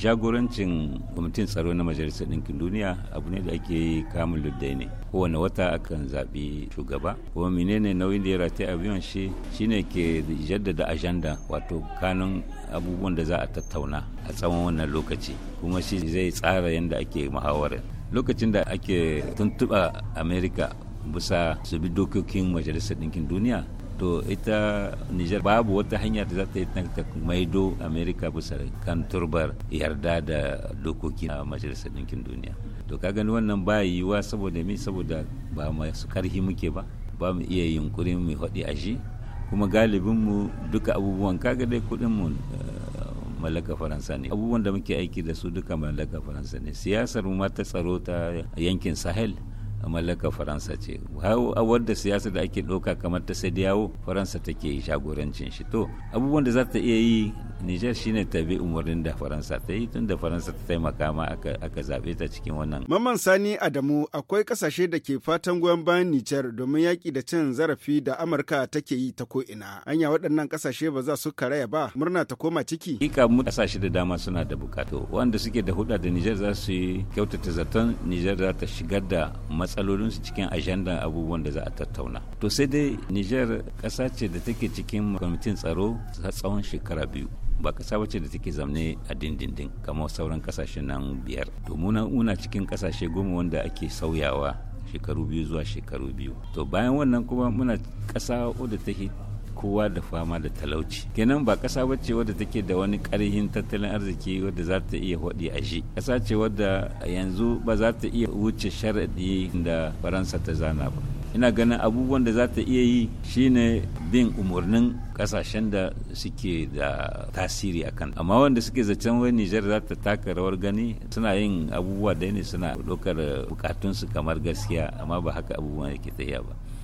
jagorancin kwamitin tsaro na majalisar ɗinkin duniya abu ne da ake yi kamun luddai ne kowane wata akan zaɓi shugaba kuma menene nauyin da ya rataya a biyan shi shine ke jaddada ajanda wato kanun abubuwan da za a tattauna a tsawon wannan lokaci kuma shi zai tsara yadda ake muhawarar lokacin da ake tuntuɓa america bisa su bi dokokin majalisar ɗinkin duniya to ita niger babu wata hanyar da za ta yi ta maido america bisa kan turbar yarda da dokoki na majalisar ɗinkin duniya to ka gani wannan ba yiwuwa saboda mi saboda ba masu karhi muke ba ba mu iya yunkurin mai haɗi a shi kuma galibinmu duka abubuwan kaga dai mu eh, mallaka faransa ne abubuwan da muke aiki da su duka mallaka faransa ne siyasar mu ta tsaro ta yankin sahel a mallakar faransa ce hawar da siyasa da ake ɗauka kamar ta sai yawo faransa take jagorancin shi to abubuwan da za ta iya yi Nijar shine ta bi umarnin da Faransa ta yi tun da Faransa ta taimaka ma aka zaɓe ta cikin wannan. mamman Sani Adamu akwai ƙasashe da ke fatan goyon bayan Nijar domin yaƙi da cin zarafi da Amurka take yi ta ko'ina. Anya waɗannan ƙasashe ba za su karaya ba murna ta koma ciki. Ika mu ƙasashe da dama suna da buƙatu wanda suke da hulɗa da Nijar za su yi kyautata zaton Nijar za ta shigar da matsalolinsu cikin ajandan abubuwan da za a tattauna. To sai dai Nijar ƙasa ce da take cikin kwamitin tsaro tsawon shekara biyu. ba kasa wacce da take zamne a dindindin kamar sauran kasashen nan biyar to muna una cikin kasashe goma wanda ake sauyawa shekaru biyu zuwa shekaru biyu to bayan wannan kuma muna kasa wadda ke kowa da fama da talauci kenan ba kasa bace wadda take da wani karhin tattalin arziki wadda za ta iya hodi a shi kasa ce wadda yanzu ba za ta iya wuce sharaɗi da faransa ta zana ba ina ganin abubuwan da za ta iya yi shine bin umarnin kasashen da suke da tasiri a kan amma wanda suke zaccen wai Nijar za ta taka rawar gani suna yin abubuwa da ne suna ɗaukar bukatunsu kamar gaskiya amma ba haka abubuwan yake tafiya ba